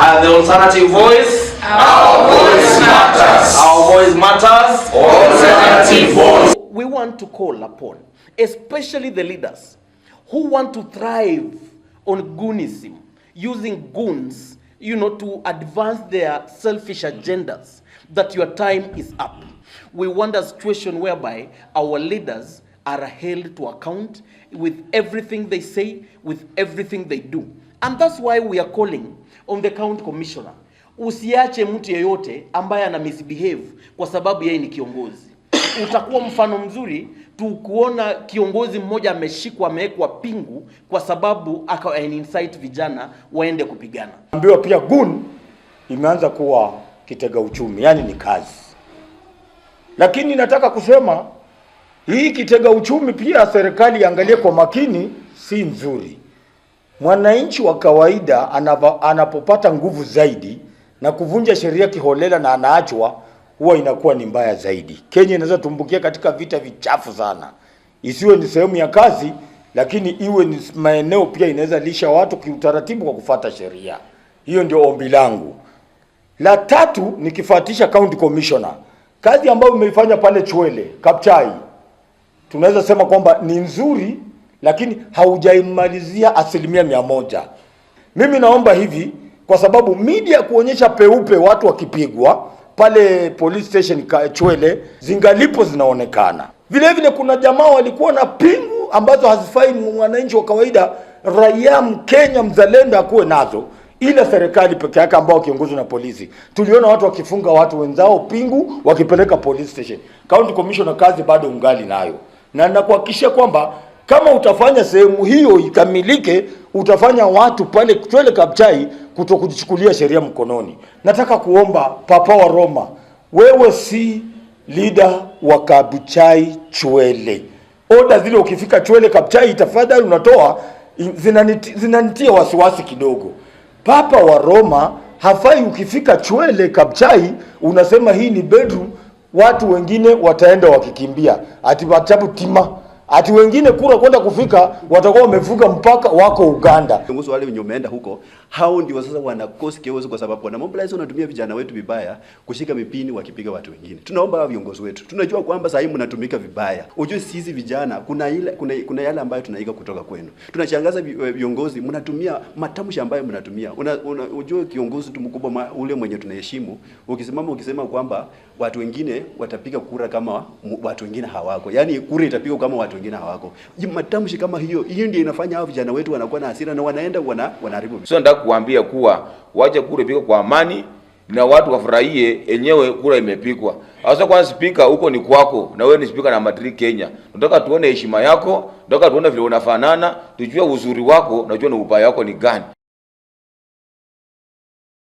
And the alternative voice? Our voice matters. Our voice matters. Alternative voice. We want to call upon, especially the leaders who want to thrive on goonism, using goons, you know, to advance their selfish agendas, that your time is up. We want a situation whereby our leaders are held to account with everything they say, with everything they do. And that's why we are calling on the county commissioner, usiache mtu yeyote ambaye ana misbehave kwa sababu yeye ni kiongozi. Utakuwa mfano mzuri tukuona kiongozi mmoja ameshikwa amewekwa pingu kwa sababu aka incite vijana waende kupigana. Ambiwa pia gun imeanza kuwa kitega uchumi, yani ni kazi. Lakini nataka kusema hii kitega uchumi pia serikali iangalie kwa makini, si nzuri. Mwananchi wa kawaida anava, anapopata nguvu zaidi na kuvunja sheria kiholela na anaachwa, huwa inakuwa ni mbaya zaidi. Kenya inaweza tumbukia katika vita vichafu sana, isiwe ni sehemu ya kazi, lakini iwe ni maeneo pia inaweza lisha watu kiutaratibu kwa kufata sheria. Hiyo ndio ombi langu. La tatu nikifuatisha county commissioner, kazi ambayo umeifanya pale Chwele Kapchai, tunaweza sema kwamba ni nzuri lakini haujaimalizia asilimia mia moja. Mimi naomba hivi, kwa sababu media kuonyesha peupe watu wakipigwa pale police station Chwele zingalipo zinaonekana vilevile. Vile kuna jamaa walikuwa na pingu ambazo hazifai mwananchi wa kawaida, raia Mkenya mzalendo akuwe nazo, ila serikali peke yake ambao wakiongozwa na polisi. Tuliona watu wakifunga watu wenzao pingu wakipeleka police station. County Commissioner, kazi bado ungali nayo, na nakuhakikishia kwamba kama utafanya sehemu hiyo ikamilike, utafanya watu pale Chwele Kabuchai kuto kujichukulia sheria mkononi. Nataka kuomba Papa wa Roma, wewe si lida wa Kabuchai Chwele. Oda zile ukifika Chwele Kabuchai, tafadhali unatoa zinanitia wasiwasi kidogo. Papa wa Roma hafai, ukifika Chwele Kabuchai unasema hii ni bedroom, watu wengine wataenda wakikimbia ati tima Ati wengine kura kwenda kufika watakuwa wamevuka mpaka wako Uganda. Kiongozi wale wenye umeenda huko hao ndio sasa wanakosi kiongozi, kwa sababu wana mobilize, wanatumia vijana wetu vibaya kushika mipini wakipiga watu wengine. Tunaomba hao viongozi wetu, tunajua kwamba sasa hivi mnatumika vibaya. Ujue sisi vijana kuna ile kuna, kuna yale ambayo tunaiga kutoka kwenu. Tunashangaza eh, viongozi mnatumia matamshi ambayo mnatumia. Una, una, ujue kiongozi tu mkubwa ule mwenye tunaheshimu, ukisimama ukisema kwamba watu wengine watapiga kura kama watu wengine hawako, yani kura itapiga kama watu wengine hawako. Matamshi kama hiyo, hiyo ndio inafanya hao vijana wetu wanakuwa na hasira na wanaenda wana wanaharibu so, kuambia kuwa wacha kura ipigwe kwa amani na watu wafurahie enyewe kura imepigwa. Sasa kwanza, spika huko ni kwako, na wewe ni spika na Madrid Kenya. Nataka tuone heshima yako, nataka tuone vile unafanana, tujue uzuri wako na tujue ubaya wako ni gani.